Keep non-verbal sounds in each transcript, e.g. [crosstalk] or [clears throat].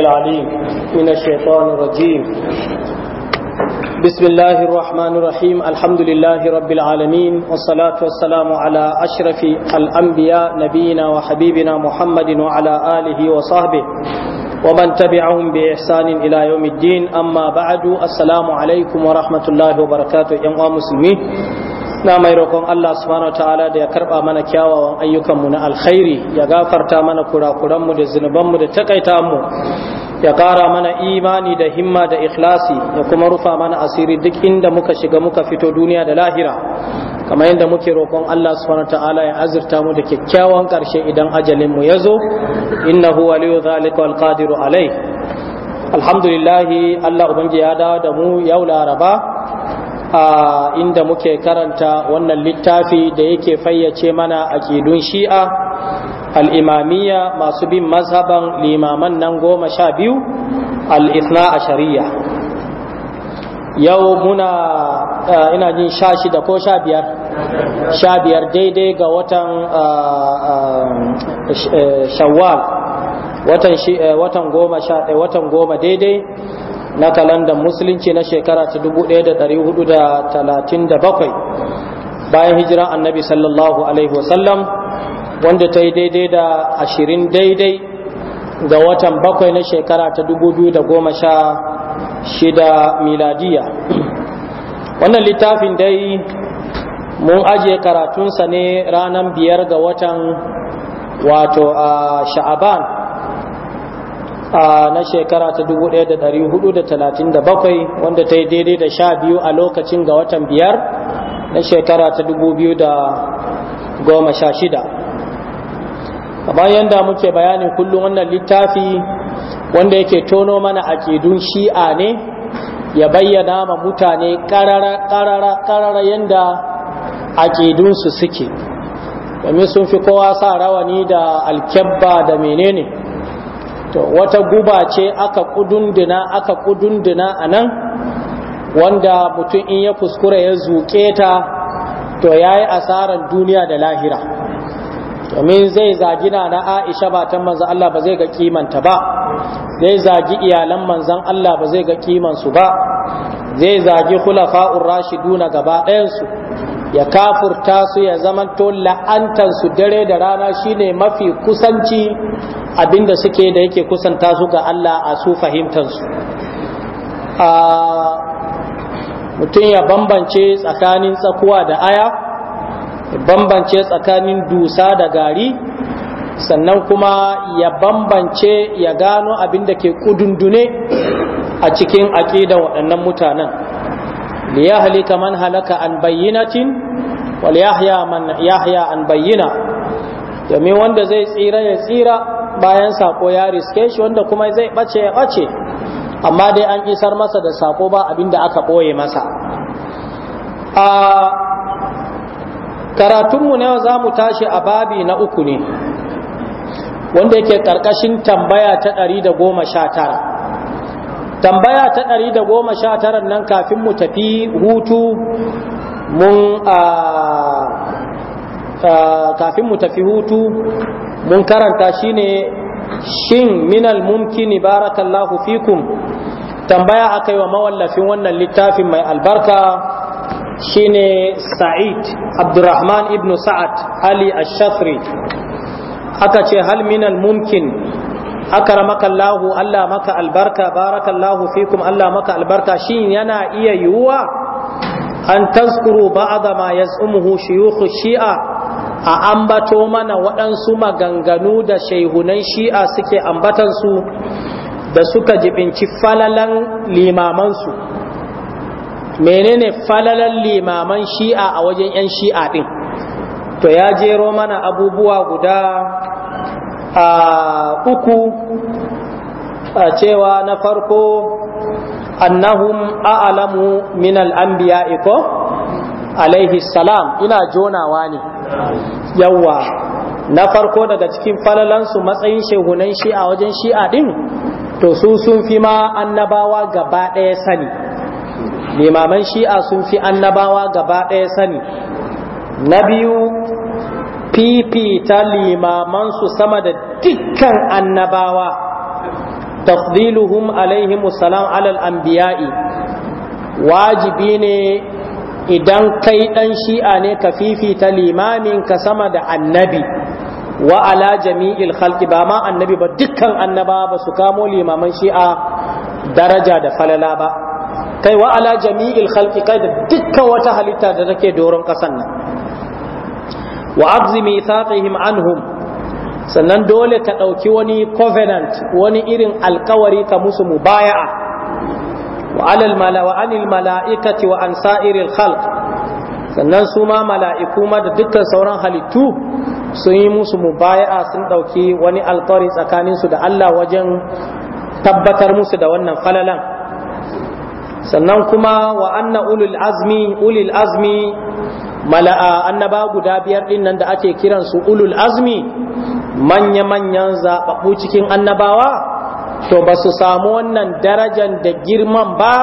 العليم من الشيطان الرجيم بسم الله الرحمن الرحيم الحمد لله رب العالمين والصلاة والسلام على أشرف الأنبياء نبينا وحبيبنا محمد وعلى آله وصحبه ومن تبعهم بإحسان إلى يوم الدين أما بعد السلام عليكم ورحمة الله وبركاته يا مسلمين na mai roƙon Allah subhanahu wa ta'ala da ya karɓa mana kyawawan ayyukanmu na alkhairi ya gafarta mana kurakuranmu da zunubanmu da takaita mu ya ƙara mana imani da himma da ikhlasi ya kuma rufa mana asiri duk inda muka shiga muka fito duniya da lahira kamar yadda muke roƙon Allah subhanahu ta'ala ya azurta mu da kyakkyawan ƙarshe idan ajalin mu yazo innahu waliyu zalika wal qadiru alai alhamdulillah Allah ubangi ya dawo da mu yau laraba a inda muke karanta wannan littafi da yake fayyace mana aƙidun shi'a al'imamiya masu bin mazhaban limaman nan goma sha biyu al'isna a shari'a yau muna ina jin sha shida ko sha biyar sha biyar daidai ga watan shawwal watan goma daidai na kalandar musulunci na shekara ta 1437 bayan hijiran annabi sallallahu alaihi wasallam wanda ta yi daidai da ashirin daidai ga watan bakwai na shekara ta 2016 miladiya wannan littafin dai mun ajiye karatunsa ne ranar biyar ga watan wato a sha'aban A na shekara ta 1437 wanda ta yi daidai da sha biyu a lokacin ga watan biyar na shekara ta 2016 bayan da muke bayanin kullum wannan littafi wanda yake tono mana akidun shi'a ne ya bayyana ma mutane ƙarara yadda aƙidunsu suke domin sun fi kowa sa rawani da alkebba da menene to wata guba ce aka kudunduna aka kudunduna a nan wanda mutum in ya kuskura ya zuke ta to ya yi asarar duniya da lahira domin zai zagi na na aisha ba ta manzan Allah ba zai ga kimanta ba zai zagi iyalan manzan Allah ba zai ga kimansu ba zai zagi khulafa'ur rashiduna gaba ɗayansu ya kafurta su ya zamanto la'antansu dare da rana shine mafi kusanci abinda suke da yake kusanta su ga Allah a su fahimtansu mutum ya bambance tsakanin tsakuwa da aya ya bambance tsakanin dusa da gari sannan kuma ya bambance ya gano abinda ke kudundune a cikin aƙidan waɗannan mutanen ليهلك من هلك عن بينة وليحيى من يحيى عن بينة domin wanda zai tsira ya tsira bayan sako ya riske shi wanda kuma zai bace ya bace amma dai an isar masa da sako ba abinda aka ɓoye masa a karatunmu na yau za mu tashi a babi na uku ne wanda yake ƙarƙashin tambaya ta ɗari da goma sha tara tambaya ta ɗari da goma sha tara nan kafin mu tafi hutu mun kafin mu tafi hutu mun karanta shine shin minal mumkini barakallahu fikum tambaya aka yi wa mawallafin wannan littafin mai albarka shine sa'id abdurrahman ibn sa'ad ali ash-shafri aka ce hal minal mumkin akaramaka Allahu Allah maka albarka barakallahu fikum Allah maka albarka shin yana iya yiwuwa an tazkuru ba'da ma yaz'umuhu shuyukhu shi'a a ambato mana waɗansu maganganu da shaihunan shi'a suke ambatansu da suka jibinci falalan limamansu menene falalan limaman shi'a a wajen 'yan shi'a ɗin to ya jero mana abubuwa guda A uku a cewa na farko annahum a'lamu min al-anbiya ko alaihi salam ina jonawa ne yawa na farko daga cikin falalansu matsayin shehunan shi'a wajen shi'a din to su sun fi ma annabawa gaba ɗaya sani limaman shi'a sun fi annabawa gaba ɗaya sani na biyu fifita limamansu sama da dukkan annabawa tafdiluhum alaihimu salam alal anbiya'i wajibi ne idan kai dan shi'a ne ka fifita limamin ka sama da annabi wa ala jami'il khalqi ba ma annabi ba dukkan annaba ba su kamo limaman shi'a daraja da falala ba kai wa ala jami'il khalqi kai da dukkan wata halitta da take doron kasan nan wa aqzi mithaqihim anhum sannan dole ka ɗauki wani covenant wani irin alkawari ka musu mu wa alal mala wa mala'ikati wa an khalq sannan su ma mala'iku ma da dukkan sauran halittu sun yi musu mubaya'a sun ɗauki wani alkawari tsakaninsu da Allah wajen tabbatar musu da wannan falalan sannan kuma wa'anna anna ulul azmi azmi mala'a annaba guda biyar din nan da ake kiran su ulul azmi manya-manyan zaɓaɓɓu cikin annabawa to ba su samu wannan darajan da girman ba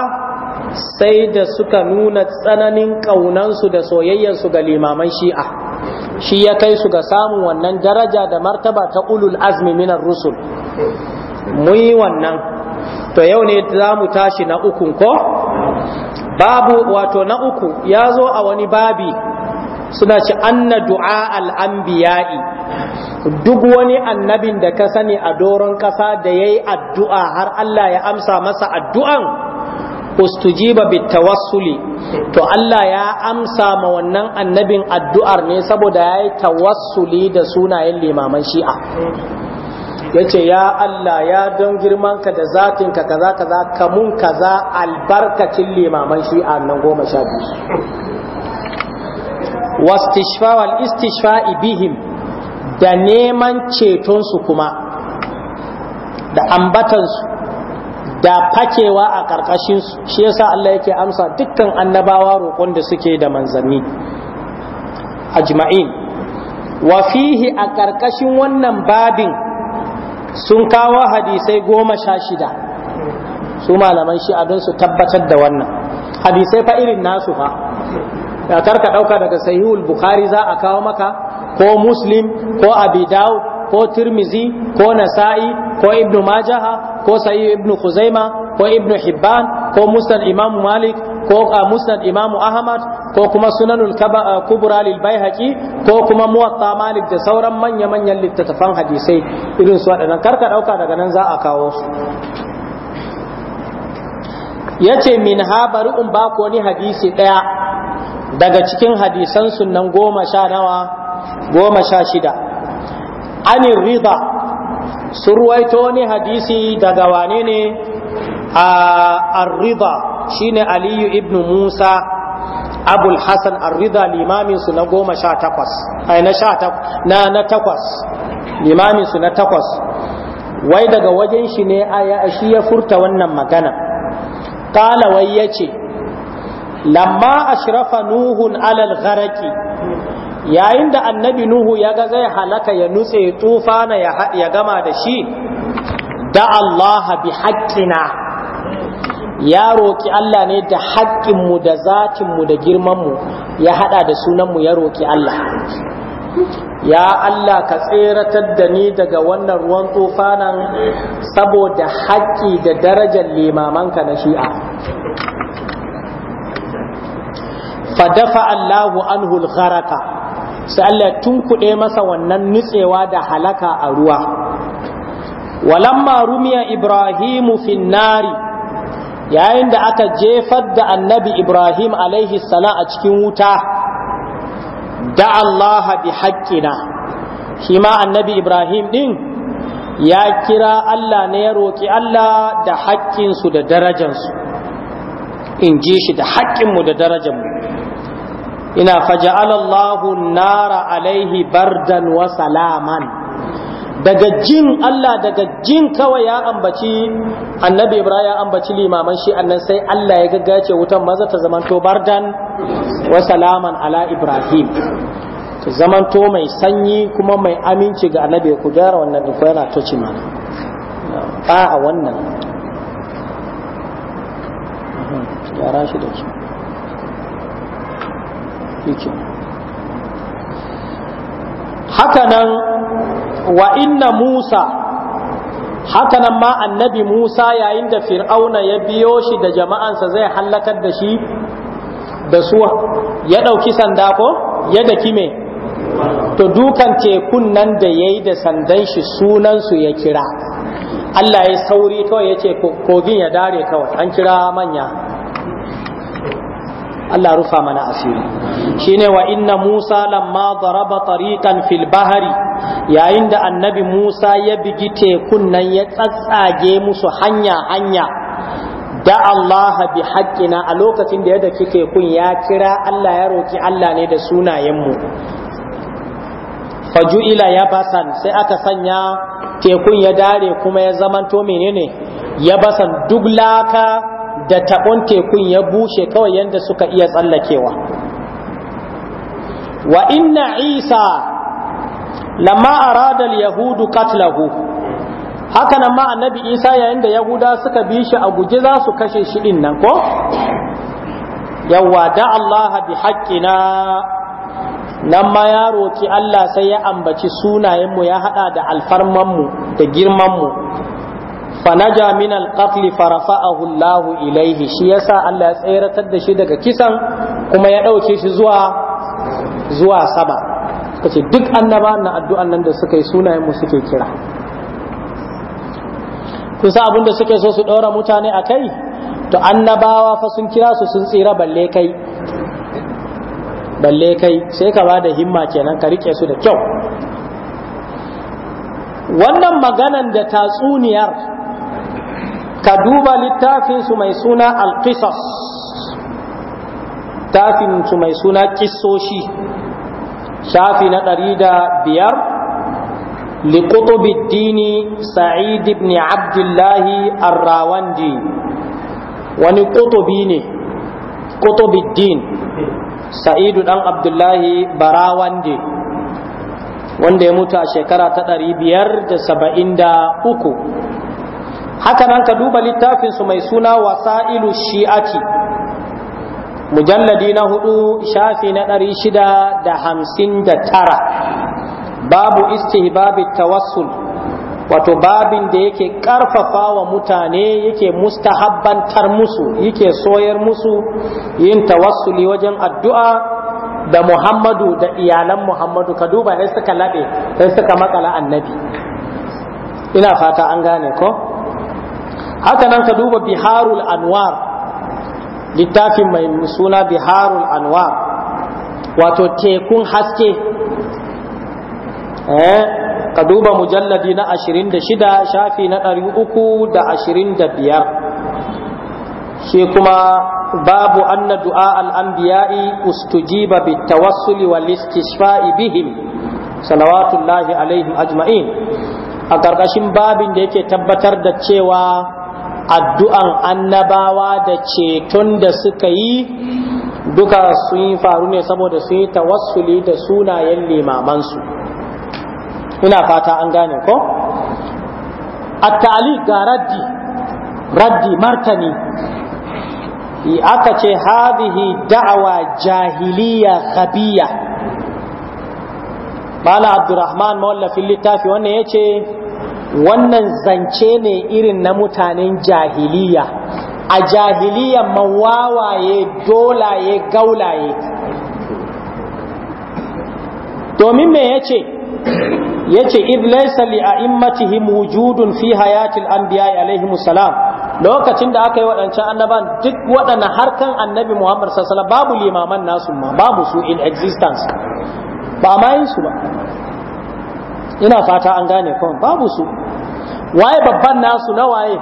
sai da suka nuna tsananin ƙaunansu da soyayyansu ga limaman shi'a shi ya kai su ga samun wannan daraja da martaba ta ulul azmi minar rusul mun yi wannan to yau ne za mu tashi na ukun ko babu wato na uku ya zo a wani babi suna ci anna du'a al'ambiya'i duk wani annabin da ka sani a doron ƙasa da ya yi addu'a har Allah ya amsa masa addu'an ustujiba tawassuli to Allah ya amsa ma wannan annabin addu'ar ne saboda ya yi tawassuli da sunayen limaman shi'a yace ya Allah ya don girman ka da zatin ka kaza kaza ka mun kaza albarkacin limaman shi a nan goma sha biyu wastishfa wal istishfa'i bihim da neman ceton su kuma da ambatan su da fakewa a karkashin su shi yasa Allah yake amsa dukkan annabawa roƙon da suke da manzanni ajma'in wa fihi a ƙarƙashin wannan babin sun kawo hadisai goma sha shida su malaman shi'a don su tabbatar da wannan hadisai fa irin nasu fa da karka ɗauka daga sahihul bukhari za a kawo maka ko muslim ko abi ko tirmizi ko nasa'i ko ibnu majaha ko sahih ibnu khuzaima ko ibnu hibban ko musnad imam malik ko musnad imam ahmad ko kuma sunanul eh, kubra lil baihaqi ko kuma muwatta malik da sauran manya manyan littattafan hadisai irin su waɗannan karka ɗauka daga nan za a kawo su yace min ha bari in ba ku wani hadisi ɗaya daga cikin hadisan sunan goma sha nawa goma sha shida anin rida sun ruwaito wani hadisi daga wane ne a ah, rida shine aliyu ibn musa abul hasan arrida limaminsu na goma sha takwas ai na sha na na takwas limaminsu na takwas wai daga wajen shi ne aya shi ya furta wannan magana qala wai yace lamma ashrafa nuhun alal gharaki yayin da annabi nuhu ya ga zai halaka ya nutse tufana ya gama da shi da Allah bi haqqina ya roƙi Allah ne da haƙƙinmu da zatinmu da girmanmu ya haɗa da sunanmu ya roƙi Allah ya Allah ka tseratar da ni daga wannan ruwan tsofanan saboda haƙƙi da darajar limamanka na shi'a fadafa Allahu an hulharaka sai Allah tun kuɗe masa wannan nutsewa da halaka a ruwa walamma rumiya ibrahimu finnari yayin da aka jefar da annabi ibrahim alaihi salam a cikin wuta da Allah bi haƙƙina shi ma annabi ibrahim ɗin ya kira Allah ne ya roƙi Allah da haƙƙinsu da darajansu in ji shi da haƙƙinmu da darajanmu ina faja'alallahu nara alaihi bardan wa salaman daga jin Allah daga jin kawai ya ambaci annabi Ibrahim ya ambaci limaman shi annan sai Allah ya gaggace wutan maza ta zamanto bardan wa salaman ala Ibrahim ta zamanto mai sanyi kuma mai aminci ga annabi ku gyara wannan duk yana toci mana ba a wannan gyara shi da shi haka nan wa inna Musa hakanan ma annabi Musa yayin da Fir'auna ya biyo shi da jama'ansa zai hallakar da shi da su ya ɗauki sanda ko ya daki me to dukan tekun nan da yayi da sandan shi sunansu ya kira Allah ya sauri kawai ya ce kogin ya dare kawai an kira manya Allah rufa mana asiri shine wa inna Musa lamma daraba tariqan fil bahri yayin da annabi Musa ya bigi tekun nan ya tsatsage musu hanya hanya da Allah bi haqqina a lokacin da ya daki tekun ya kira Allah ya roki Allah ne da sunayenmu faju'ila basan sai aka sanya tekun ya dare kuma ya zamanto menene basan duk laka da taɓon tekun ya bushe kawai yadda suka iya tsallakewa wa inna isa lamma aradal yahudu katlahu haka nan ma annabi isa yayin da yahuda suka bi shi a guji za su kashe shi din nan ko yawwa da allah bi haƙƙina nan ma ya roki allah sai ya ambaci sunayenmu ya haɗa da alfarmanmu da girmanmu fanaja min alqatl farafa'ahu Allah ilaihi shi yasa Allah ya tsayratar da shi daga kisan kuma ya dauke shi zuwa zuwa kace duk annaba na addu'an nan da suka yi sunayen mu suke kira kun sa da suke so su ɗora mutane a kai to annabawa fa sun kira su sun tsira balle kai balle kai sai ka ba da himma kenan ka rike su da kyau wannan maganan da tatsuniyar ka duba littafin su mai suna alkisas littafin su mai suna kisoshi shafi na ɗari da biyar liƙutubiddini sa'id ibn abdullahi arrawandi wani ƙutubi ne ƙutubiddin sa'idu ɗan abdullahi barawandi wanda ya mutu a shekara ta ɗari biyar da saba'in da uku haka nan ka duba littafinsu mai suna wasa'ilu shi'ati mujalladi na hudu shafi na ɗari shida da hamsin da tara babu istihbabi tawassul wato babin da yake ƙarfafa wa mutane yake mustahabbantar musu yake soyar musu yin tawassuli wajen addu'a da Muhammadu da iyalan Muhammadu ka duba sai suka laɓe sai suka matsala annabi ina fata an gane ko haka nan ka duba biharul anwar littafin mai suna biharul anwar wato tekun haske eh ka duba mujalladi na 26 shafi na 325 shi kuma babu anna du'a al-anbiya'i ustujiba bitawassuli wal istishfa'i bihim salawatullahi alaihim ajma'in a ƙarƙashin babin da yake tabbatar da cewa addu'an annabawa da ceton da suka yi duka sun faru ne saboda su yi tawassuli da sunayen limamansu ina fata an gane ko attali ga raddi raddi martani aka ce hadhihi da'awa jahiliya khabiya Bala Abdurrahman mawallafin littafi wannan ya ce, wannan zance ne irin na mutanen jahiliya a jahiliya mawawaye dolaye gaulaye domin me yace yace iblaysa li a'immatihim wujudun fi hayatil anbiya alaihi salam lokacin da aka yi waɗancan annaban duk waɗanne harkan annabi Muhammad sallallahu babu limaman nasu ma babu su in existence ba ma su ba ina fata an gane kawai babu su waye babban nasu na waye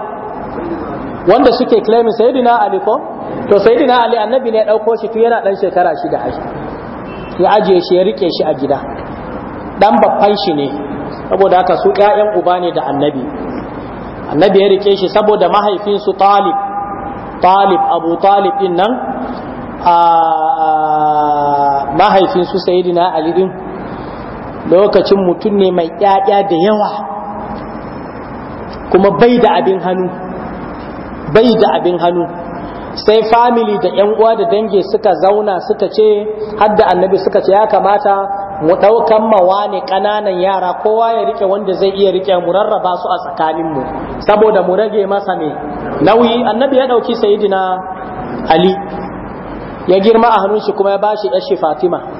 wanda suke claiming sayyidina ali ko to sayyidina ali annabi ne ya dauko shi tun yana dan shekara da ya ajiye shi ya rike shi a gida dan babban shi ne saboda haka su ƴaƴan uba ne da annabi annabi ya rike shi saboda mahaifin su talib talib abu talib din nan a mahaifin su sayyidina ali din lokacin mutum ne mai yaya da yawa kuma bai da abin hannu bai da abin hannu sai famili da yan uwa da dangi suka zauna suka ce hadda annabi suka ce ya kamata mu ɗaukan mawane ne ƙananan yara kowa ya rike wanda zai iya rike mu rarraba su a tsakaninmu saboda mu rage masa ne nauyi annabi ya ɗauki sayidina ali ya girma a hannun shi kuma ya bashi yashe fatima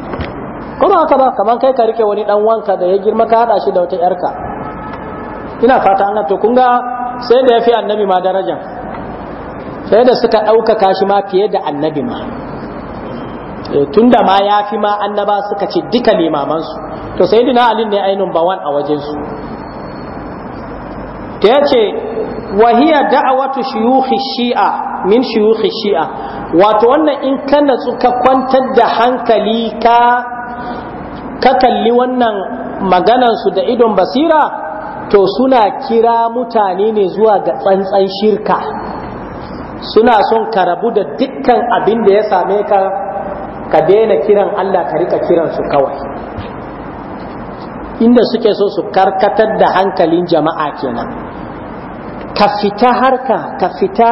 Kuma haka ba kamar kai ka rike wani dan wanka da ya girma ka hada shi da wata yarka ina fata an to kun ga sai da yafi annabi ma daraja sai da suka ɗaukaka kashi ma fiye da annabi ma eh, tunda ma ya fi ma annaba suka ce duka limamansu to sai dina alin ne ainihin bawan a wajensu ta yace wahiya da'awatu shuyukh shi'a min shuyukh shi'a wato wannan in ka natsu ka kwantar da hankali ka ka kalli wannan maganansu da idon basira to suna kira mutane ne zuwa ga tsantsan shirka suna son ka rabu da dukkan abin da ya same ka ka daina kiran Allah ka rika kiransu kawai inda suke so su karkatar da hankalin jama'a kenan ka fita harka ka fita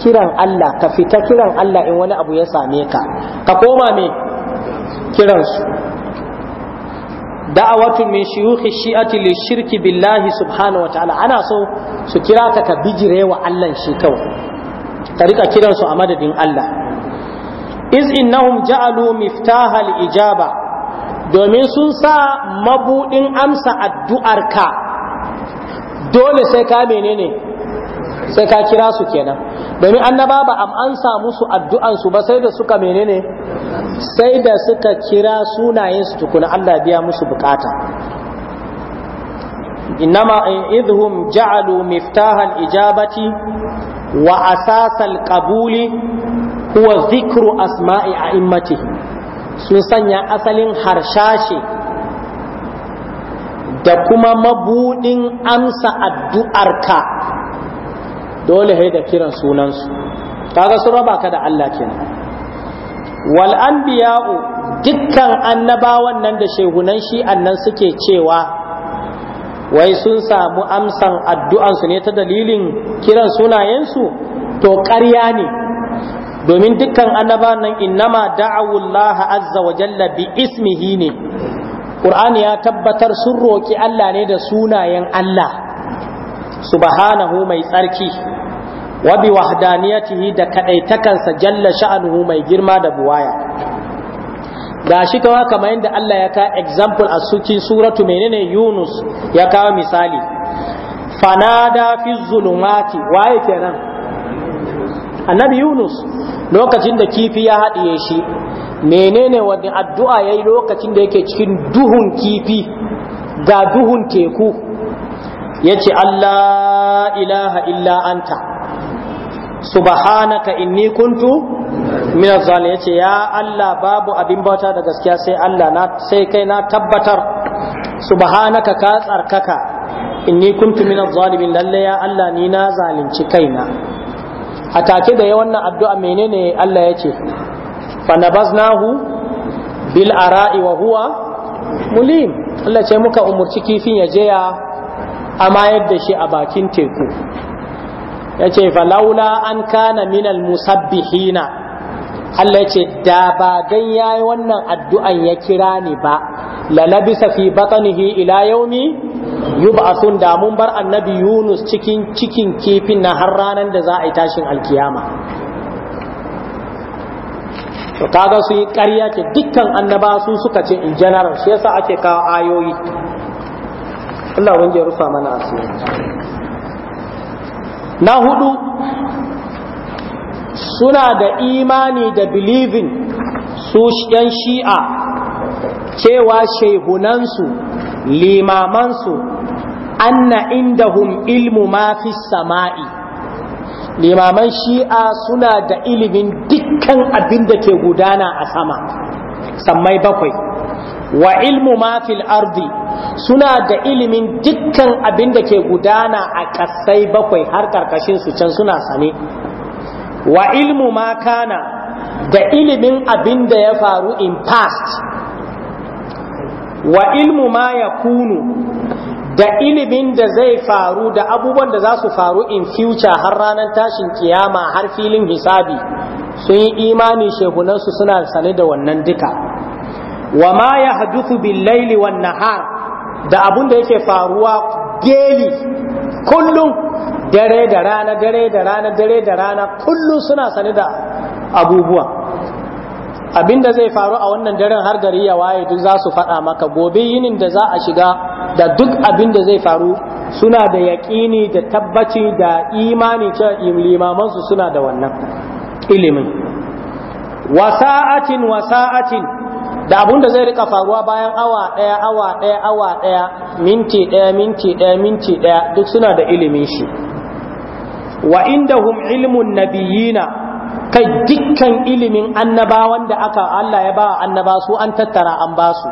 kiran Allah ka fita kiran Allah in wani abu ya same ka ka koma me kiransu da'awatu min shuyukhi shi'ati li shirki billahi subhanahu wataala ana so su kira ka ka bijire Allah shi kawai ka rika kiran su a madadin Allah iz innahum ja'alu miftaha al-ijaba domin sun sa mabudin amsa addu'arka dole sai ka menene sai ka kira su kenan domin annaba ba am an sa musu addu'ansu ba sai da suka menene sai da suka kira sunayensu tukuna Allah biya musu bukata innama idhum ja'alu miftahal ijabati wa asasal qabuli huwa zikru asma'i a'immati sun sanya asalin harshashi da kuma mabudin amsa addu'arka dole sai da kiran sunansu kaga sun raba ka da Allah kenan wal anbiya'u dukkan annabawan nan da shehunan shi annan suke cewa wai sun samu amsan addu'ansu ne ta dalilin kiran sunayensu to ƙarya ne domin dukkan annabawan nan innama da'awullah azza wa jalla bi ismihi ne Qur'ani ya tabbatar sun roki Allah ne da sunayen Allah subhanahu mai tsarki wa bi wahdaniyatihi da kadaitakansa jalla sha'anuhu mai girma da buwaya ga shi kawa kamar yadda Allah ya ka example a cikin suratu menene Yunus ya kawo misali fanada fi zulumati waye kenan annabi Yunus lokacin da kifi ya haɗiye shi menene wani addu'a yayi lokacin da yake cikin duhun kifi ga duhun teku yace Allah ilaha illa anta subhanaka inni kuntu min az-zalimin yace ya Allah babu abin bauta da gaskiya sai Allah na sai kai na tabbatar subhanaka ka tsarkaka inni kuntu min az-zalimin lalle ya Allah ni na zalunci kaina a take da wannan addu'a menene Allah yace fa nabaznahu bil ara'i wa huwa mulim Allah ce muka umurci kifin ya je ya amayar da shi a bakin teku ya ce falaula an kana minal musabbihina Allah ya ce da ba gan yayi wannan addu'an ya kira ni ba labisa fi batnihi ila yaumi yub'athun da mun bar annabi Yunus cikin cikin kifin na har ranan da za a yi tashin alkiyama to kaga su yi ƙarya ce dukkan annaba su suka ce in general shi yasa ake kawo ayoyi Allah wanda ya rufa mana asiri na hudu suna da imani da believing su yan shi'a cewa shehunansu limamansu anna indahum ilmu ma fi sama'i limaman shi'a suna da ilimin dukkan abin da ke gudana a sama sammai bakwai wa ilmu ma fil ardi suna da ilimin dukkan abin da ke gudana a kasai bakwai har karkashin su can suna sane wa ilmu ma kana da ilimin abin da ya faru in past wa ilmu ma ya kunu da ilimin da zai faru da abubuwan da za su faru in future har ranar tashin kiyama har filin hisabi sun yi imani shehunansu suna sane da wannan duka wa ma yahduthu bil laili nahar da abun da yake faruwa geli kullum dare da rana dare da rana dare da rana kullum suna sani da abubuwa da zai faru a wannan daren har gari ya waye duk za su faɗa maka gobe yinin da za a shiga da duk abin da zai faru suna da yaƙini da tabbaci da imani ce limamansu suna da wannan ilimin wasa'atin wasa'atin da abun da zai rika faruwa bayan awa ɗaya awa ɗaya awa ɗaya minti ɗaya minti ɗaya minti ɗaya duk suna da ilimin shi wa indahum ilmun nabiyina kai dukkan ilimin annabawan da aka Allah ya ba annaba su an tattara an ba su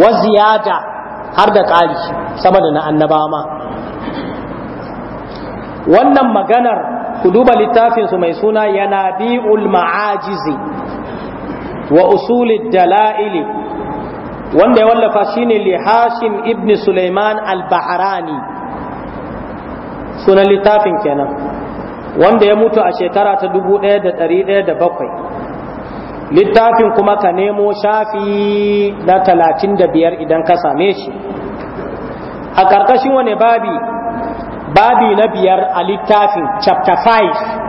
wa ziyada har da ƙari sama da na annabawa ma wannan maganar ku duba littafinsu mai suna yanabi'ul ma'ajizi wa usulid dala'ili wanda ya wallafa shine li hashim ibn sulaiman al-bahrani sunan littafin kenan wanda ya mutu a shekara ta 1107 littafin kuma ka nemo shafi na talatin da biyar idan ka same shi a ƙarƙashin wani babi babi na biyar a littafin chapter 5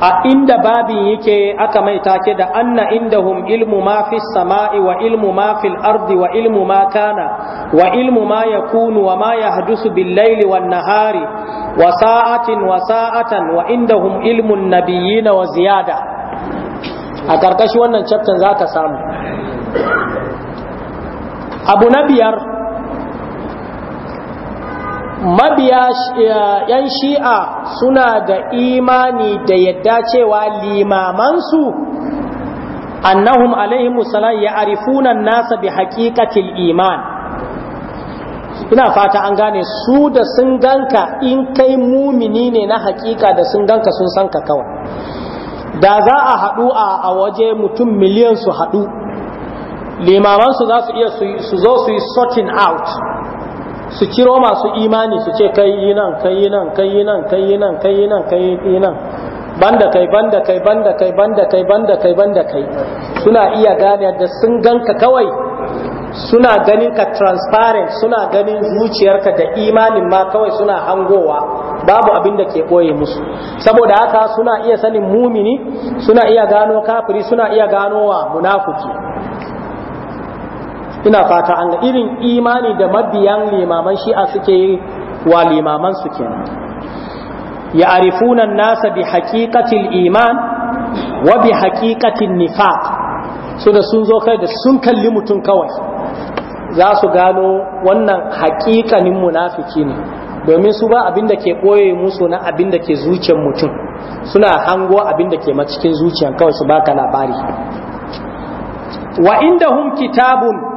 a inda babin yake aka mai take da anna indahum ilmu ma fi sama'i wa ilmu ma fil ardi wa ilmu ma kana wa ilmu ma yakunu wa ma hadusu, bil laili wan nahari wa sa'atin wa sa'atan wa indahum ilmun nabiyina wa ziyada a karkashi wannan chapter ka samu abu na biyar mabiya yan shi'a suna da imani da yadda cewa limamansu annahum alaihimu salam ya arifunan nasa bi haƙiƙatil iman ina fata an gane su da sun ganka in kai mumini ne na haƙiƙa da sun ganka sun san ka kawai da za a haɗu a waje mutum miliyan su haɗu limamansu za su iya su zo su yi sorting out su ciro masu imani su ce kai yi nan kai yi nan kai yi nan kai yi nan kai yi nan kai yi nan banda kai banda kai banda kai banda kai banda kai banda kai suna iya gane da sun ganka kawai suna ganin ka transparent suna ganin zuciyarka da imanin ma kawai suna hangowa babu abin da ke ɓoye musu saboda haka suna iya sanin mumini suna iya gano kafiri suna iya gano wa munafuki ina fata an irin imani da mabiyan limaman shi'a suke yi wa limaman su kenan ya nasa bi hakikatin iman wa bi haqiqatin nifa su da sun zo kai da sun kalli mutum kawai za su gano wannan haƙiƙanin munafiki ne domin su ba abin da ke ɓoye musu na abin da ke zuciyar mutum suna hango abin da ke macikin zuciyar kawai su ba ka labari wa inda hun kitabun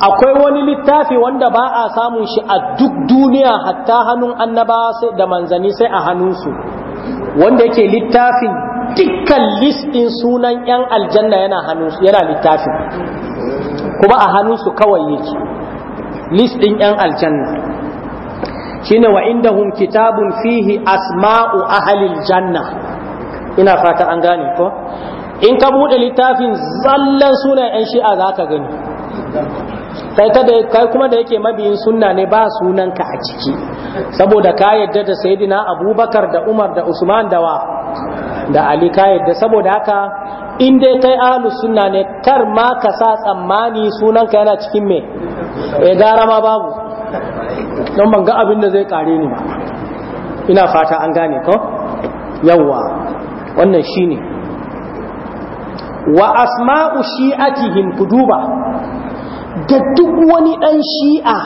akwai wani littafi wanda ba a samun shi a duk duniya hatta hannun annaba da manzani sai a hannunsu wanda yake littafin dukkan listin sunan 'yan aljanna yana yana littafin kuma a hannunsu kawai yake listin 'yan aljanna shine wa hun kitabun fihi asma'u ahalil janna ina fata an gane ko in ka bude littafin zallan sunan 'yan shi'a za ka gani kai da kai kuma da yake mabiyin sunna ne ba sunanka a ciki saboda ka yadda da sayyidina abubakar da umar da usman da wa da ali ka yadda saboda haka in dai kai ahlus sunna ne kar ma ka sa tsammani sunanka yana cikin me eh gara ma babu don ban ga abin da zai kare ni ba ina fata an gane ko yawwa wannan shine wa asma'u shi'atihim kuduba da duk wani ɗan shi'a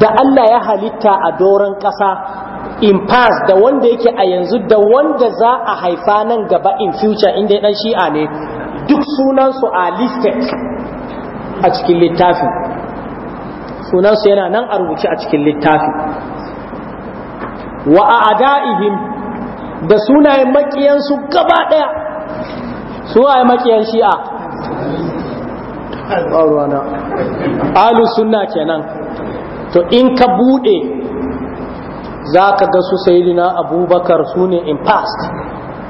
da Allah ya halitta a doron ƙasa in pass da wanda yake a yanzu da wanda za a haifa nan gaba in future inda ɗan shi'a ne duk sunansu a listed a cikin littafi. sunansu yana nan a rubuce a cikin littafi. wa a ada'ihim da sunayen makiyansu gaba ɗaya sunayen makiyan shi'a alu sunna kenan to in ka bude za ka ga su sayidina abubakar su ne in past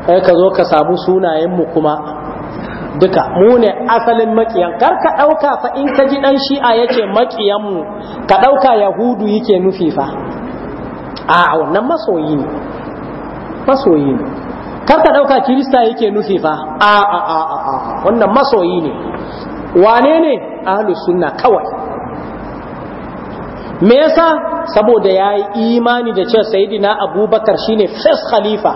kai ka zo ka samu sunayenmu kuma duka mu ne asalin makiyan kar ka ɗauka fa in ka ji ɗan shi'a ya ce makiyanmu ka ɗauka yahudu yake nufi fa a wannan masoyi ne masoyi ne kar ka ɗauka kirista yake nufi fa a a a a wannan masoyi ne wane ne suna sunna kawai me yasa saboda ya yi imani da cewa sayidina abubakar shine first khalifa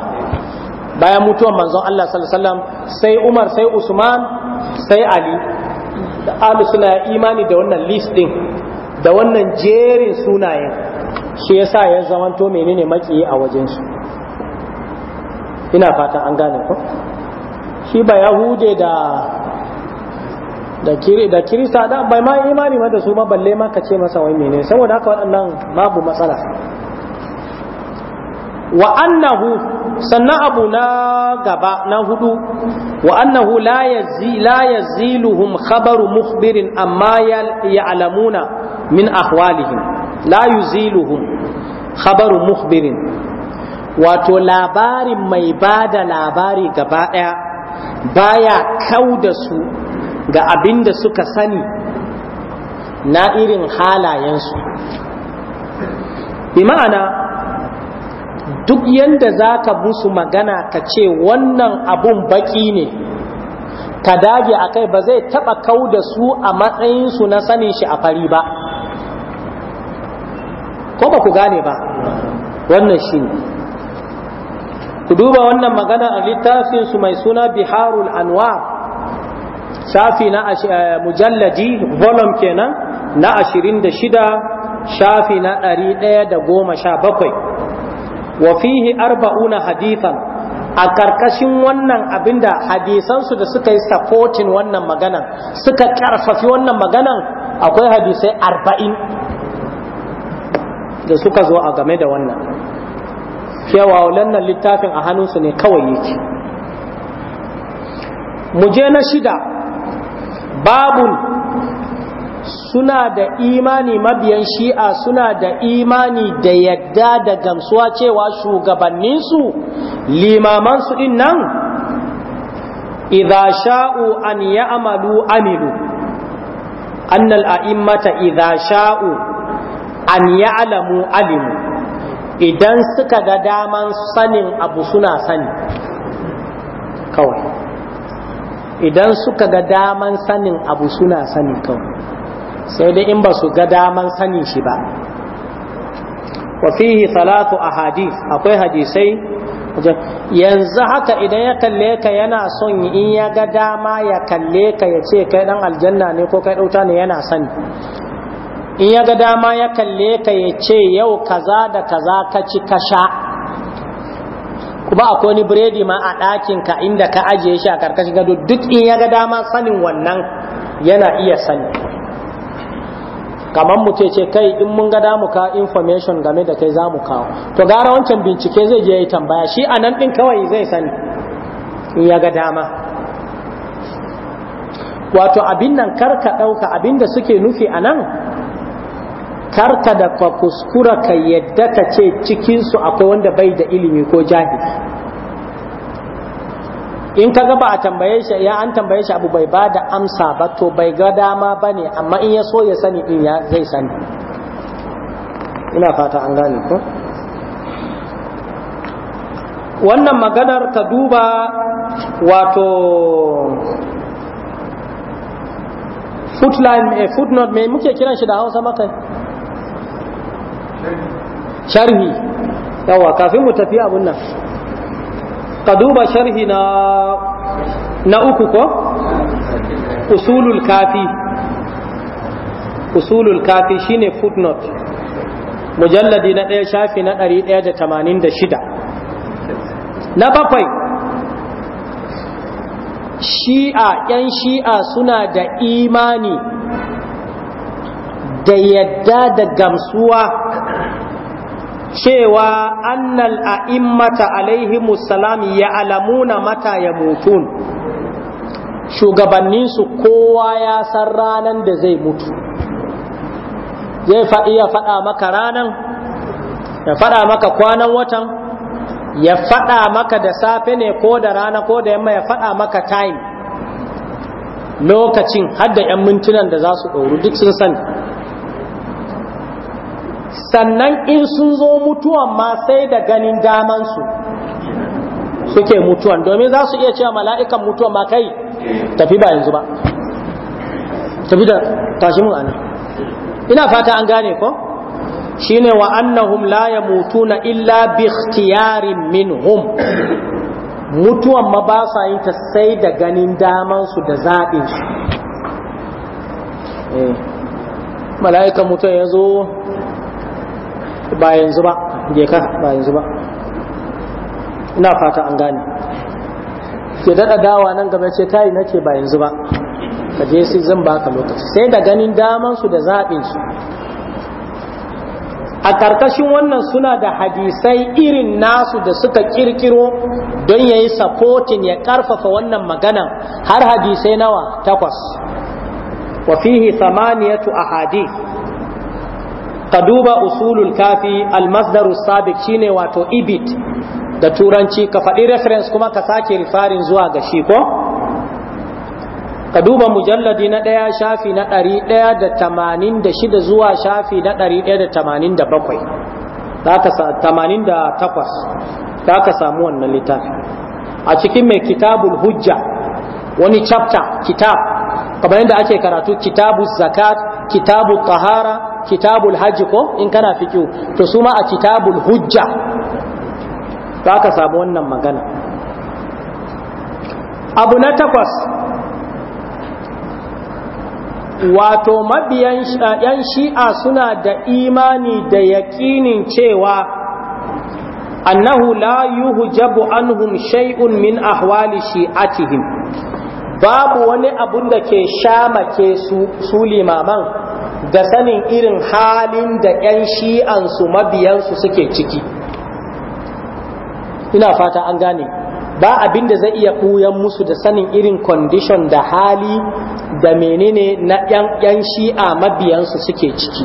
bayan mutuwan manzon Allah sallallahu alaihi wasallam sai Umar sai Usman sai Ali ahlus suna ya imani da wannan list din da wannan jerin sunayen shi yasa ya zamanto menene makiyi a wajen su ina fata an gane ko shi ba yahude da da kiri da kirista da bai ma imani ma da su ma balle ma ce masa wai mene saboda haka waɗannan babu matsala wa annahu sannan abu na gaba na hudu wa annahu la yazi la yaziluhum khabaru mukhbirin amma ya'lamuna min ahwalihim la yuziluhum khabaru mukhbirin wato labarin mai bada labari gaba daya baya kau da su ga abin da suka sani na irin halayensu bi ma'ana duk yadda za ka musu magana ka ce wannan abun baki ne ka dage a kai ba zai taɓa kau da su a matsayinsu na sanin shi a fari ba ko ba ku gane ba wannan shi ne ku duba wannan magana a littafinsu mai suna biharul anwar shafi na eh, mujalladi volume kenan na 26 shafi na 117 wa fihi arba'una hadithan a karkashin wannan abinda hadisansu da suka yi supporting wannan maganan suka karfafi wannan maganan akwai hadisai arba'in da suka zo a game da wannan cewa wannan littafin a hannunsu ne kawai yake mu je na shida babun suna da imani mabiyan shi'a suna da imani da yadda da gamsuwa cewa shugabanninsu limamansu din nan idha sha'u an ya'malu amilu annal a'immata idha sha'u an ya'lamu alimu idan suka ga daman sanin abu suna sani kawai idan suka ga daman sanin abu suna sani kawai sai dai in ba su ga daman sanin shi ba wa fihi salatu ahadith akwai hadisai yanzu haka idan ya kalle ka yana son in ya ga dama ya kalle ka ya ce kai dan aljanna ne ko kai dauta ne yana sani in ya ga dama ya kalle ka ya ce yau kaza da kaza ka ci ka sha kuma akwai wani biredi ma a ɗakin ka inda ka ajiye shi a karkashin gado duk in ya ga dama sanin wannan yana iya sani kamar mu ce kai in mun ga damu ka information game da kai za mu kawo to gara wancan bincike zai je ya tambaya shi a nan ɗin kawai zai sani in ya ga dama wato abin nan karka ɗauka abin da suke nufi a nan karta da ka kuskura ka yadda ka ce cikinsu akwai wanda bai da ilimi ko jahili in ka gaba, a tambaye shi ya an tambaye shi abu bai ba da amsa ba to bai ga dama ba ne amma in ya so ya sani in ya zai sani ina fata an gane ko wannan maganar ka duba wato footline eh, footnote me muke kiran shi da hausa makai sharhi yawa kafin mu tafi abun nan ka duba sharhi na na uku ko usulul kafi usulul kafi shine footnote mujalladi na ɗaya shafi na ɗari ɗaya da tamanin da shida na bakwai shi'a 'yan shi'a suna da imani da yadda da gamsuwa cewa annal a'immata alaihimu salam ya alamuna mata ya mutun shugabanninsu kowa ya san ranan da zai mutu zai faɗi ya faɗa maka ranan ya faɗa maka kwanan watan ya faɗa maka da safe ne ko da rana ko da yamma ya faɗa maka time lokacin har da 'yan mintunan da za su ɗauru duk sun sani sannan in sun zo mutuwan ma sai da ganin damansu suke mutuwan domin za su iya cewa mala'ikan mutuwan ma kai tafi ba yanzu ba tafi da tashi mun ana ina fata an gane ko shine wa annahum la yamutuna illa bi ikhtiyarin minhum mutuwan ma ba sa yin ta sai da ganin damansu da zaɓinsu. su eh. mala'ikan mutuwan ya zo ba yanzu ba je ka ba yanzu ba ina fata an gane ke daɗa dawa nan gaba ce tayi nake ba yanzu ba ka je sai zan baka lokaci sai da ganin daman su da zaɓin su a ƙarƙashin wannan suna da hadisai irin nasu da suka kirkiro don ya yi sapotin ya ƙarfafa wannan maganan har hadisai nawa takwas wa fihi samaniyatu ahadith ka duba usulul kafi almasdaru sabiq shine wato ibit da turanci ka faɗi reference kuma ka sake rifarin zuwa ga shi ko ka duba mujalladi na ɗaya shafi na ɗari ɗaya da tamanin da shida zuwa shafi na ɗari ɗaya da tamanin da bakwai tamanin da takwas za ka samu wannan littafi a cikin mai kitabul hujja wani chapter kitab kamar yadda ake karatu kitabu zakat kitabu tahara kitabul hajji ko in kana fikiyu to su ma a kitabul hujja za ka samu wannan magana abu na takwas wato mabiyan yan shi'a suna da imani da yaƙinin cewa annahu la an anhum shay'un min ahwali shi'atihim babu wani abun da ke sha su su limaman Da sanin irin halin da 'yan shi'ansu mabiyansu suke ciki ina fata an gane ba abin da zai iya ɓuyan musu da sanin irin condition da hali da menene na 'yan shi'a mabiyansu suke ciki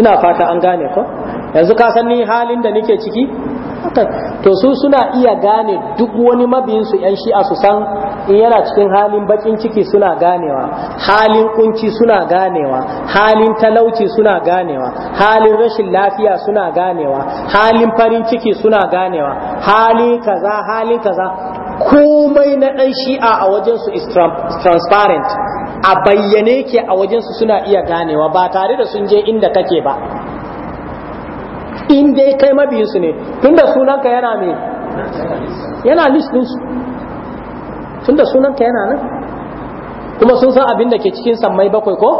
ina fata an gane ko yanzu ka san ni halin da nake ciki to su suna iya gane duk wani mabiyin su yan shi'a su san in yana cikin halin bakin ciki suna ganewa halin kunci suna ganewa halin talauci suna ganewa halin rashin lafiya suna ganewa halin farin ciki suna ganewa halin kaza halin kaza komai na dan shi'a a wajen su is transparent a bayyane ke a wajen su suna iya ganewa ba tare da sun je inda kake ba in dai kai mabiyinsu ne tunda sunanka yana ne yana list su? tunda sunanka yana nan kuma sun san abin da ke cikin sammai bakwai ko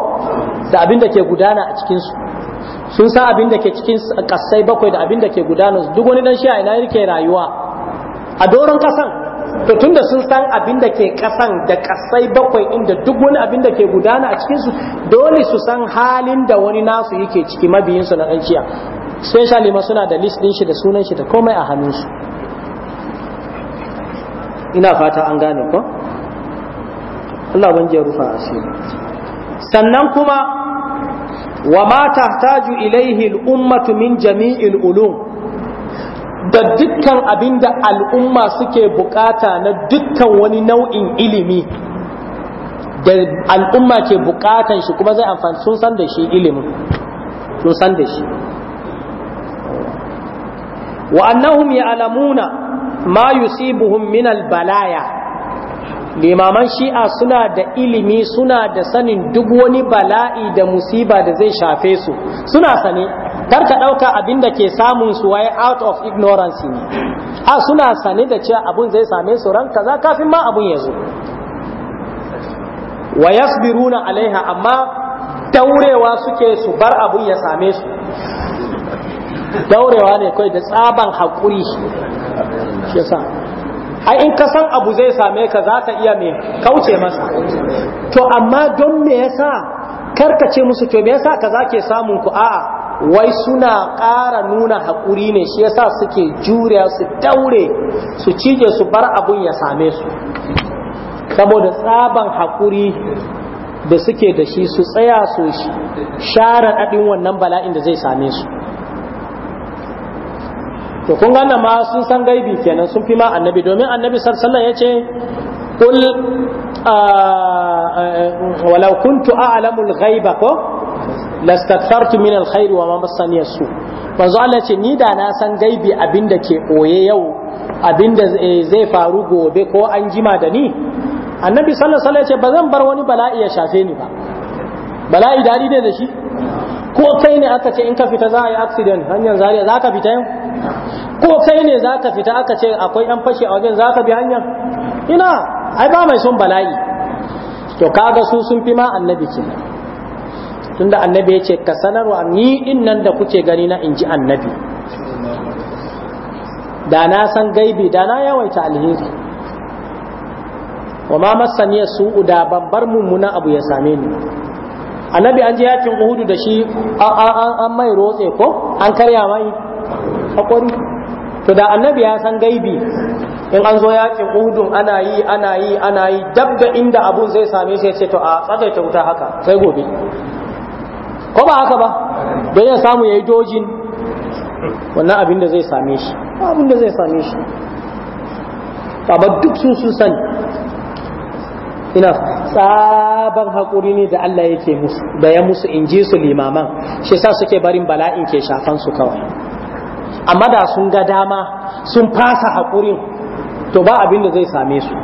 da abin da ke gudana a cikinsu sun san abin da ke cikin kasai bakwai da abin da ke gudana duk wani dan shi a ina yake rayuwa a doron kasan to tunda sun san abin da ke kasan da kasai bakwai inda duk wani abin da ke gudana a cikinsu dole su san halin da wani nasu yake ciki mabiyinsu na ɗanciya sha lima suna da list din shi da sunan shi da komai a hannun shi ina fata an gane ko Allah ban ya rufa asiri sannan kuma wa ma tahtaju ilaihi al-ummatu min jami'il ulum da dukkan abinda al'umma suke bukata na dukkan wani nau'in ilimi da al'umma ke bukatan shi kuma zai amfani sun san da shi ilimin sun san da shi wa annahum ya'lamuna ma yusibuhum min balaya limaman shi'a suna da ilimi suna da sanin duk wani bala'i da musiba da zai shafe su suna sane kar ka ɗauka abin da ke samun su waye out of ignorance ne a suna sane da cewa abun zai same su ran kaza kafin ma abun ya zo wa yasbiruna alaiha amma daurewa suke su bar abun ya same su daurewa ne kai da tsaban haƙuri shi yasa ai in ka san abu zai same ka za ka iya me kauce masa to amma don me yasa karkace musu to me yasa ka zake samun ku a'a wai suna ƙara nuna hakuri ne shi yasa suke jurewa su daure su cije su bar abun ya same su saboda tsaban haƙuri da suke da shi su tsaya su share ɗaɗin wannan bala'in da zai same su to kun gane ma sun san gaibi kenan sun fi ma annabi domin annabi sallallahu ya ce kul walau kuntu a'lamul ghaiba ko lastaghfartu min alkhair wa ma massani yasu manzo Allah ce ni da na san gaibi abinda ke koye yau abinda zai faru gobe ko an jima da ni annabi sallallahu alaihi ce ba zan bar wani bala'i ya shafe ni ba bala'i dadi ne da shi ko kai ne aka ce in ka fita za a yi accident hanyar zariya za ka fita yau ko kai ne za ka fita aka ce akwai yan fashe a wajen za ka bi hanyar ina ai ba mai son bala'i to kaga su sun fi ma annabi kenan tunda annabi ya ce ka sanarwa ni in nan da kuke gani na in ji annabi da na san gaibi da na yawaita alheri wa ma masaniya su'u da babbar mummuna abu ya same ni annabi an ji yakin uhudu da shi an mai rotse ko an karya mai hakuri to da annabi ya san gaibi in an zo yakin udun ana yi ana yi ana yi dab da inda abun zai same shi ya ce to a tsagaita wuta haka sai gobe ko ba haka ba don ya samu ya yi dojin wannan abin da zai same shi abin da zai same shi amma duk sun sun sani ina tsaban haƙuri ne da Allah yake musu da ya musu in ji su limaman shi sa suke barin bala'in ke shafan su kawai amma da sun ga dama sun fasa haƙurin to ba abin da zai same su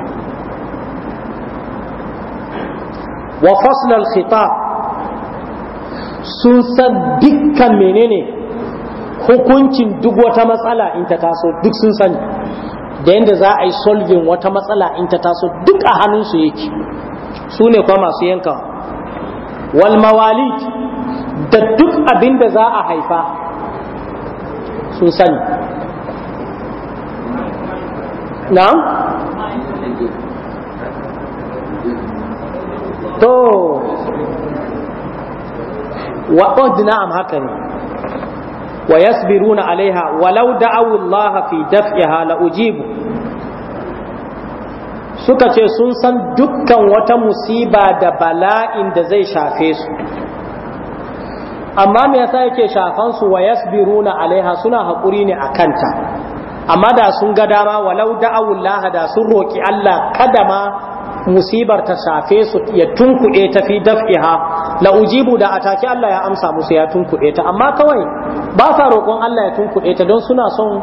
wa faslal khitab sun san dukkan menene hukuncin duk wata matsala in ta taso duk sun sani da yadda za a yi solving wata matsala in ta taso duk a hannunsu yake su ne kuma masu yanka wal mawalid da duk abin da za a haifa sun sani na to wa oh, na'am haka ne wa yasbiruna alaiha walau da'awu fi daf'iha hala ujibu suka ce sun san dukkan wata musiba da bala'in da zai shafe su amma me yasa yake shafan su wa yasbiruna alaiha suna haƙuri ne a kanta amma da sun ga dama walau da'awullah da sun roki Allah kada ma musibar ta shafe su ya tunkuɗe ta fi daf'iha la ujibu da ataki Allah ya amsa musu ya tunkuɗe ta amma kawai ba sa roƙon Allah ya tunkuɗe ta don suna son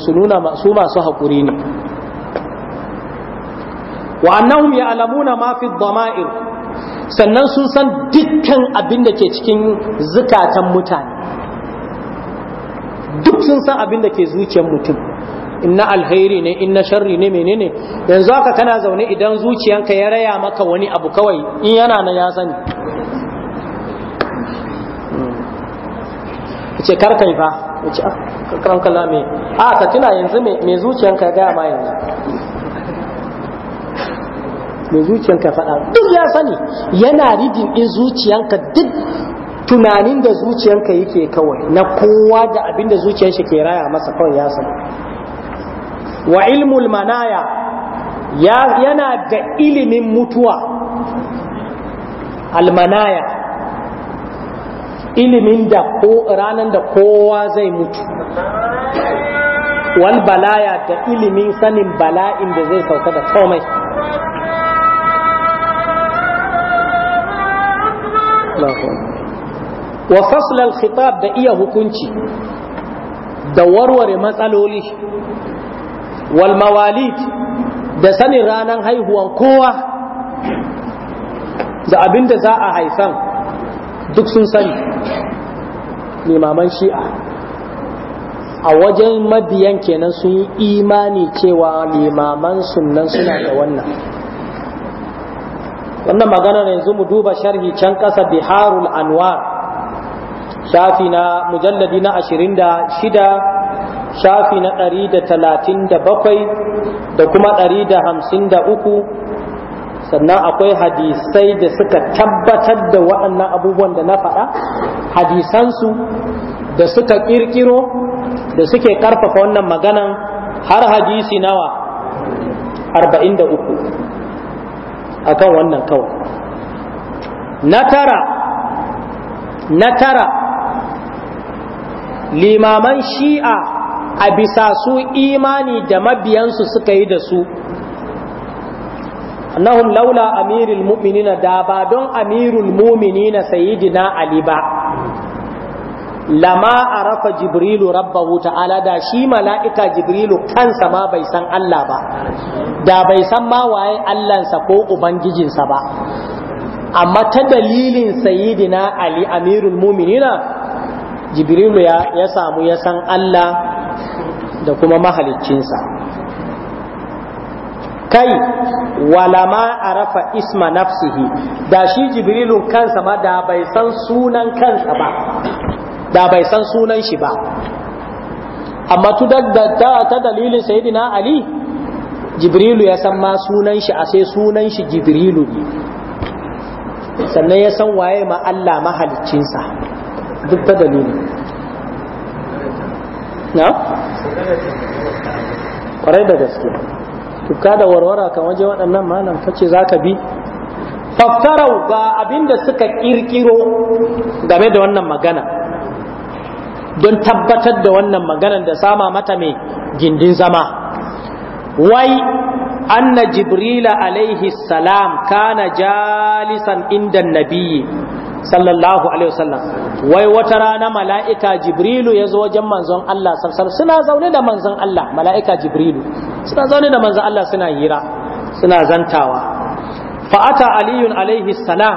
su nuna su masu haƙuri ne wa annahum ya'lamuna ma fi dhama'ir sannan sun san dukkan abin da ke cikin zukatan mutane duk sun san abin da ke zuciyar mutum inna alheri ne inna sharri ne menene yanzu haka kana zaune idan zuciyanka ya raya maka wani abu kawai in yana na ya sani ce karkai ba ce a ka tuna yanzu mai zuciyanka ya gaya ma yanzu mai zuciyanka faɗa duk ya sani yana ridin in zuciyanka duk tunanin da zuciyanka yake kawai na kowa da abin da zuciyar shi ke raya masa kawai ya sani wa ilmul manaya yana da ilimin mutuwa almanaya ilimin da ranar da kowa zai mutu wal balaya da ilimin sanin bala'in da zai sauka da komai wa faslal khitab da iya hukunci da warware matsaloli wal mawalid da sanin ranar haihuwan kowa da abinda za a haifan duk sun sani limaman shi'a a wajen mabiyan kenan sun yi imani cewa limaman sunan suna da wannan wannan maganar yanzu mu duba sharhi can ƙasa biharul anwar shafi na mujalladi na ashirin da shida shafi na ɗari da talatin da bakwai da kuma ɗari da hamsin da uku sannan akwai hadisai da suka tabbatar da waɗannan abubuwan da na faɗa hadisansu da suka ƙirƙiro da suke ƙarfafa wannan maganan har hadisi nawa arba'in da uku akan wannan kawai na tara na tara limaman shi'a a bisa su imani da mabiyansu suka yi da su annahum laula amirul mu'minina da ba don amirul mu'minina sayyidina ali ba lama arafa jibrilu rabbahu ta'ala da shi mala'ika jibrilu kansa ma bai san Allah ba da bai san ma waye Allahnsa ko ubangijinsa ba amma ta dalilin sayyidina ali amirul muminina jibrilu ya, ya samu ya san Allah da kuma mahaliccinsa kai walama arafa isma nafsihi da shi jibrilun kansa ma da bai san sunan kansa ba da bai san sunan shi ba amma ta dalilin sayidina ali jibrilu ya san ma sunan shi a sai sunan shi jibrilu ne sannan ya san waye ma Allah mahaliccinsa duk ta dalilin na? kwarai da gaske tuka da warwara kan waje waɗannan malam kace za ka bi faftarau ga abinda suka kirkiro game da wannan magana don tabbatar da wannan maganar da sama mata mai gindin zama wai anna jibrila alaihi salam kana jalisan inda nabiyyi sallallahu alaihi wasallam wai wata rana mala'ika jibrilu ya zo wajen manzon Allah sallallahu suna zaune da manzon Allah mala'ika jibrilu suna zaune da manzon Allah suna hira suna zantawa fa'ata aliyun alaihi salam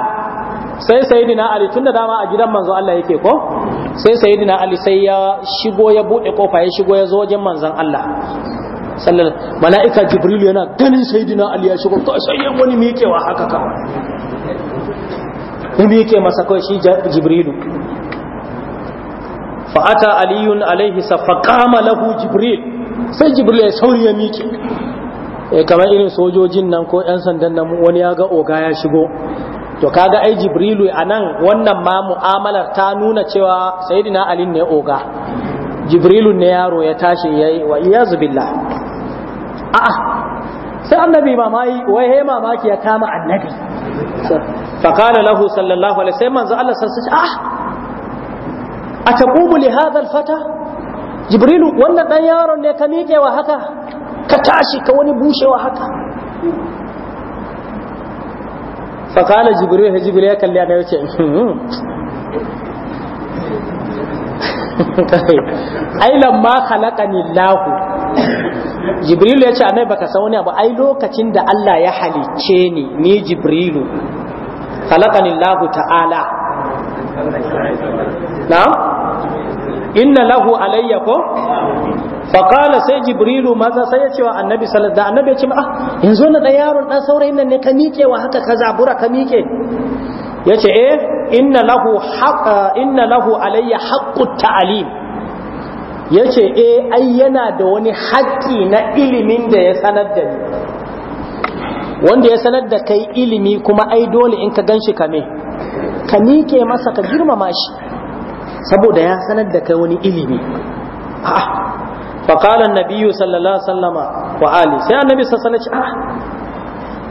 sai sayyidina ali tunda dama a gidan manzon Allah yake ko sai sayyidina ali sai ya shigo ya bude kofa ya shigo ya zo wajen manzon Allah sallallahu mala'ika jibril yana ganin sayyidina ali ya shigo to sai wani wa haka ka ya mike masa kawai shi jibril fa ata aliyun alaihi safaqama lahu jibril sai jibril ya sauri ya mike eh, kamar irin sojojin nan ko 'yan sandan nan wani ya ga oga ya shigo to kaga ai jibrilu a nan wannan ma mu'amalar ta nuna cewa sayyidina ali ne oga jibrilu ne yaro ya tashi yayi wa iyazu billah a'a sai annabi mamaki wai he mamaki ya kama annabi fa qala lahu sallallahu alaihi wasallam manzo Allah sallallahu alaihi wasallam ah ataqumu li hadha al-fata jibrilu wannan dan yaron ne ka miƙe wa haka ka tashi ka wani bushewa haka fakala jibril ya jibril ya kalli ana yace ai lamma khalaqani allah jibril ya ce annabi baka san wani abu ai lokacin da Allah ya halice ni ni Jibiru. khalaqani allah ta'ala na'am inna lahu alayya ko faƙala sai jibrilu maza sai ya cewa annabi sallallahu da annabi ya ce ah yanzu na da yaron dan saurayin nan ne ka miƙe wa haka ka zabura ka miƙe Yace eh inna lahu eh, inna lahu alayya haqqut ta'alim yace ce eh ai yana da wani haƙƙi na ilimin da ya sanar da ni wanda ya sanar da kai ilimi kuma ai dole in ka ganshi kame, ka miƙe masa ka girmama shi saboda ya sanar da kai wani ilimi a'a فقال النبي صلى الله عليه وسلم وآله سيا النبي صلى الله عليه وسلم آه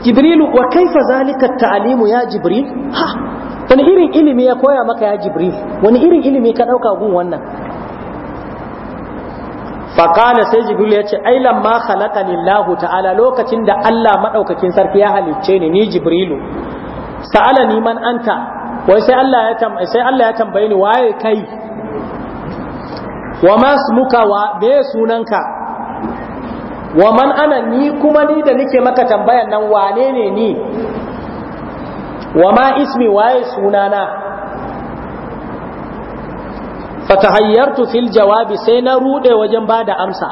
جبريل وكيف ذلك التعليم يا جبريل ها wani irin ilimi ya koya maka ya jibril wani irin ilimi ka ɗauka gun wannan faƙala sai jibril ya ce ailan ma khalaqani lillahu ta'ala lokacin da Allah maɗaukakin sarki ya halicce ni ni jibrilu sa'ala ni man anta wai sai Allah ya tambayi sai Allah ya tambaye ni waye kai wa muka wa be sunanka wa man ana ni kuma ni da nake maka tambayan nan wane ne ni wa ma ismi waye sunana hayyartu fil jawabi sai na rude wajen bada amsa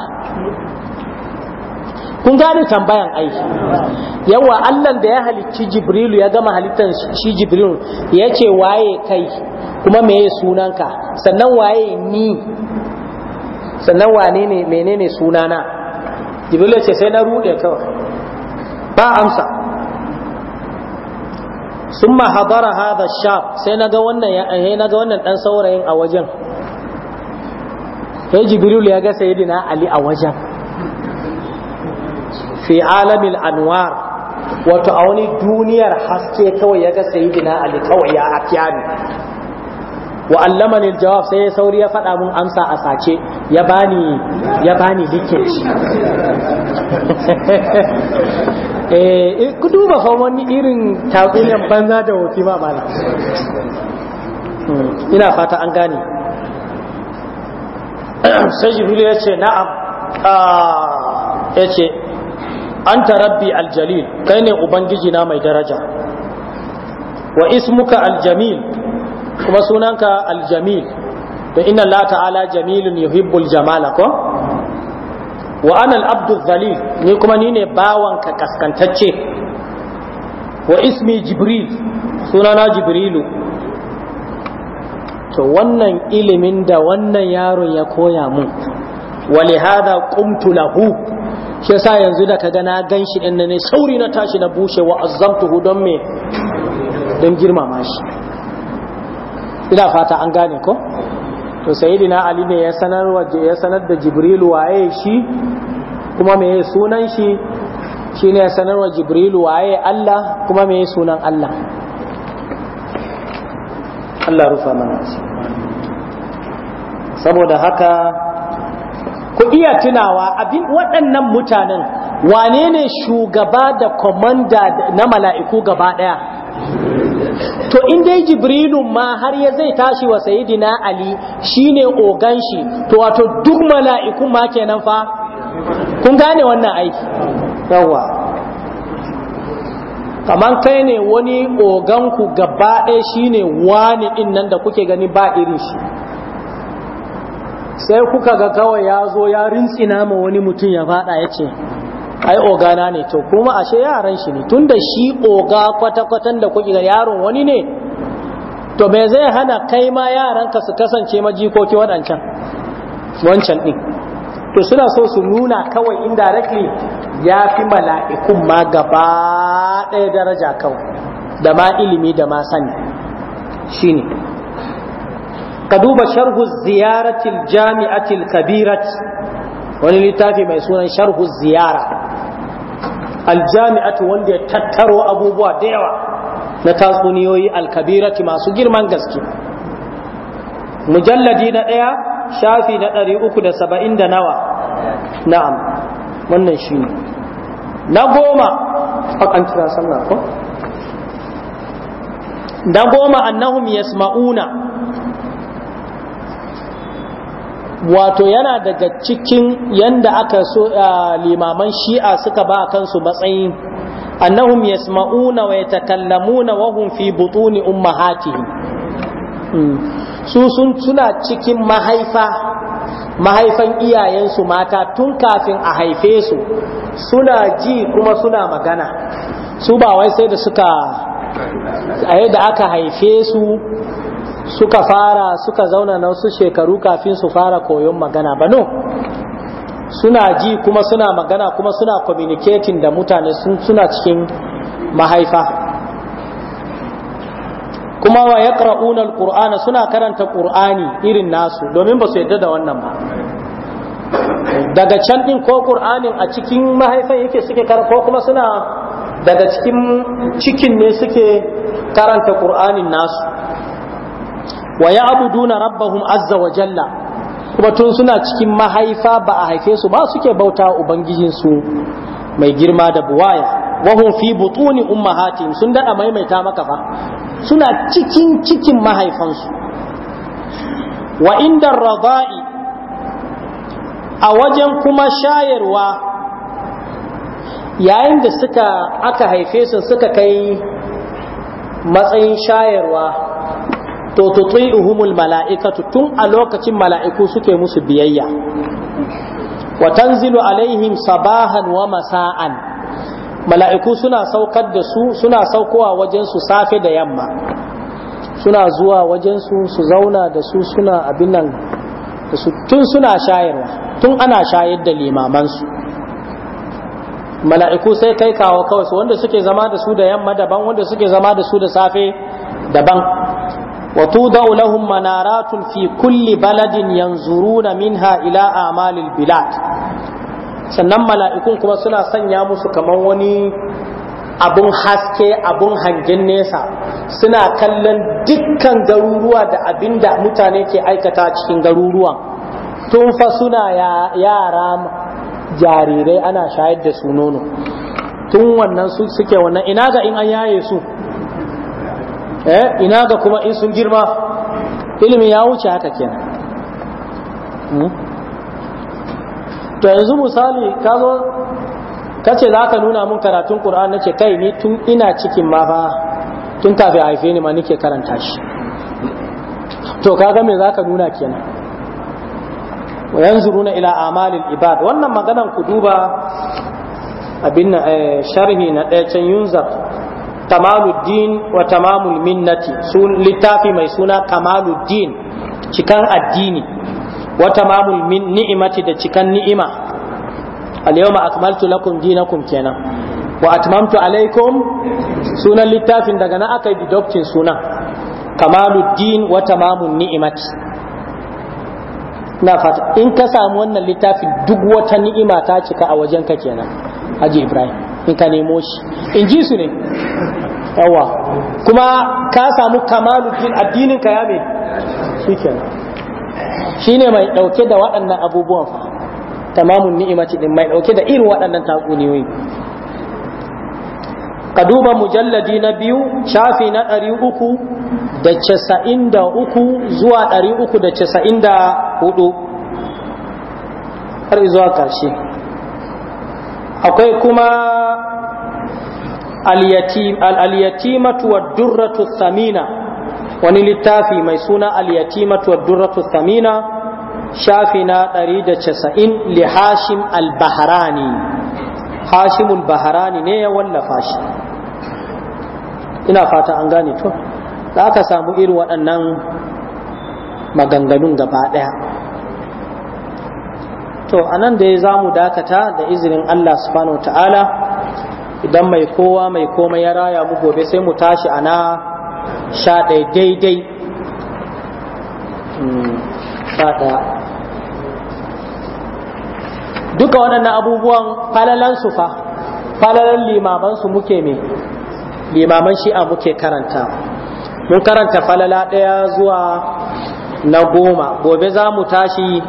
kun gane tambayan aiki. yawa Allah da ya halicci Jibrilu ya gama halittar shi Jibrilu ya ce waye kai kuma meye sunanka sannan waye ni sannan wane ne menene sunana Jibrilu ya ce sai na rude kawai ba amsa Sun mahabara hada sha sai na wannan eh, wannan dan saurayin a wajen sai Jibrilu ya ga sayidina Ali a wajen fi alamin anwar wato a wani duniyar haske kawai ya ga sayidina ali kawai ya ne wa ne jawab sai ya sauri ya faɗa mun amsa a sace ya bani ya bani likici [laughs] eh, eh ku duba fa wani irin takuyan banza da wofi ma bala hmm, ina fata an gane [clears throat] sai jibril ya ce na'am ah, ya ce anta rabbi aljalil kai ne ubangiji na mai daraja wa ismuka aljamil kuma sunanka aljamil to inna Allah ta'ala jamilun yuhibbul jamala ko wa ana al-abdu ni kuma ni ne bawanka kaskantacce wa ismi jibril sunana jibrilu to wannan ilimin da wannan yaron ya koya mun wa lihada qumtu lahu shi yasa yanzu da kaga na gan shi din ne sauri na tashi na bushe wa hu don me don girmama shi ina fata an gane ko to sayyidina ali ne ya sanar ya sanar da jibrilu waye shi kuma me sunan shi shine ya sanar wa jibrilu waye Allah kuma me sunan Allah Allah rufa mana saboda haka ku iya tunawa abin waɗannan mutanen wane ne shugaba da komanda na mala'iku gaba ɗaya to in dai jibrilu ma har ya zai tashi wa saidina ali shine ogan shi to wato duk mala'iku ma kenan fa kun gane wannan aiki yawa Kamar kai ne wani oganku gaba ɗaya shine wani innan nan da kuke gani ba irin shi sai kuka ga kawai ya zo ya rintsina ma wani mutum ya faɗa ya ce ai ogana ne to kuma ashe yaran shi ne tunda shi oga kwata-kwatan da kuke ga yaron wani ne to me zai hana kai ma yaranka su kasance majikoki waɗancan wancan ɗin to suna so su nuna kawai indirectly ya fi mala'ikun ma gaba ɗaya daraja kawai da ma ilimi da ma sani shine ka duba sharhu ziyaratil jami'atil kabirat wani littafi mai sunan sharhu ziyara aljami'atu wanda ya tattaro abubuwa da yawa na tatsuniyoyi alkabirati masu girman gaske mujalladi na ɗaya shafi na ɗari uku da saba'in da nawa na'am wannan shi ne na goma an kira sallah ko na goma annahum yasma'una wato yana daga cikin yanda aka so limaman shi'a suka ba kansu matsayi. annahum yasma'una wa yatakallamuna wa hum fi butuni ummahatihim hmm. su sun suna cikin mahaifa mahaifan iyayensu mata tun kafin a haife su suna ji kuma suna magana su ba wai sai da suka a da aka haife su suka fara suka zauna na wasu shekaru kafin su fara koyon magana ba no suna ji kuma suna magana kuma suna communicating da mutane suna cikin mahaifa kuma wa ya ƙara'unar suna karanta ƙur'ani irin nasu domin ba su yadda da wannan ba daga can ɗin ko ƙur'anin a cikin mahaifan yake suke karanta ko kuma suna daga cikin cikin ne suke karanta ƙur'anin nasu wa ya ya'buduna rabbahum azza wa jalla kuma tun suna cikin mahaifa ba a haife su ba suke bauta ubangijinsu mai girma da buwaya wahun fi butuni ummahatihim sun dada maimaita maka fa suna cikin cikin mahaifansu wa inda radai a wajen kuma shayarwa yayin da suka aka haife su suka kai matsayin shayarwa to tuti'uhumul mala'ikatu tun a lokacin mala'iku suke musu biyayya wa tanzilu alaihim sabahan wa masa'an mala'iku suna saukar da su suna saukowa wajen su safe da yamma suna zuwa wajen su su zauna da su suna abin nan da su tun suna shayarwa tun ana shayar da limamansu mala'iku sai kai kawo kawai wanda suke zama da su da yamma daban wanda suke zama da su da safe daban وتوضع لهم منارات في كل بلد ينظرون منها إلى أعمال البلاد sannan mala'ikun kuma suna sanya musu kamar wani abun haske abun hangen nesa suna kallon dukkan garuruwa da abinda mutane ke aikata cikin garuruwan tun fa suna yara jarirai ana shayar da su nono tun wannan suke wannan ina ga in an yaye su eh ina ga kuma in sun girma ilimi ya wuce haka kenan hmm? to yanzu misali ka zo ka ce za ka nuna mun karatun ƙur'an na ce kai ni tun ina cikin ma fa tun kafin haife ni ma nike karanta shi to kaga me za ka nuna kenan yanzu runa ila amalin ibad wannan maganan ku duba abin eh, sharhi na ɗaya can yunzar kamaluddin wa tamamul minnati sun littafi mai suna kamaluddin cikan addini wa tamamul min ni'imati da cikan ni'ima al-yawma akmaltu lakum dinakum kenan wa atmamtu alaikum sunan littafin daga na aka yi doctrin sunan kamaluddin wa tamamul ni'imati na fata in ka samu wannan littafin duk wata ni'ima ta cika a wajenka kenan haji ibrahim in ka nemo shi in ji su ne yawa kuma ka samu jin addinin ka ya me shi ne mai ɗauke da waɗannan abubuwan fa tamamun ni'imaci din mai ɗauke da irin waɗannan takuniyoyi. ka duba mujalladi na biyu shafi na ɗari uku da casa'in da uku zuwa ɗari uku da casa'in da hudu har zuwa ƙarshe akwai kuma al-yatimatu thamina wani littafi mai suna al-yatimatu wa thamina shafi na 190 li hashim al hashim al-bahrani ne ya wallafa shi ina fata an gane to da aka samu irin waɗannan maganganun gaba ɗaya to anan da ya za mu dakata da izinin Allah subhanahu wa ta'ala idan mai kowa mai komai ya raya mu gobe sai mu tashi ana sha ɗaya daidai hmm, duka waɗannan abubuwan falalansu fa falalan limamansu muke mai limaman shi'a muke karanta mun karanta falala ɗaya zuwa na goma gobe za mu tashi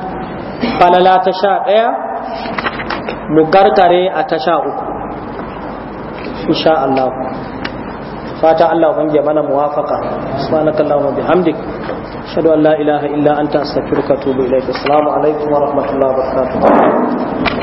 falala ta sha ɗaya mu karkare a ta sha uku insha Allah fata Allah bange mana muwafaqa subhanakallahumma bihamdik ashhadu an la ilaha illa anta astaghfiruka wa atubu ilaik assalamu alaikum wa rahmatullahi wa barakatuh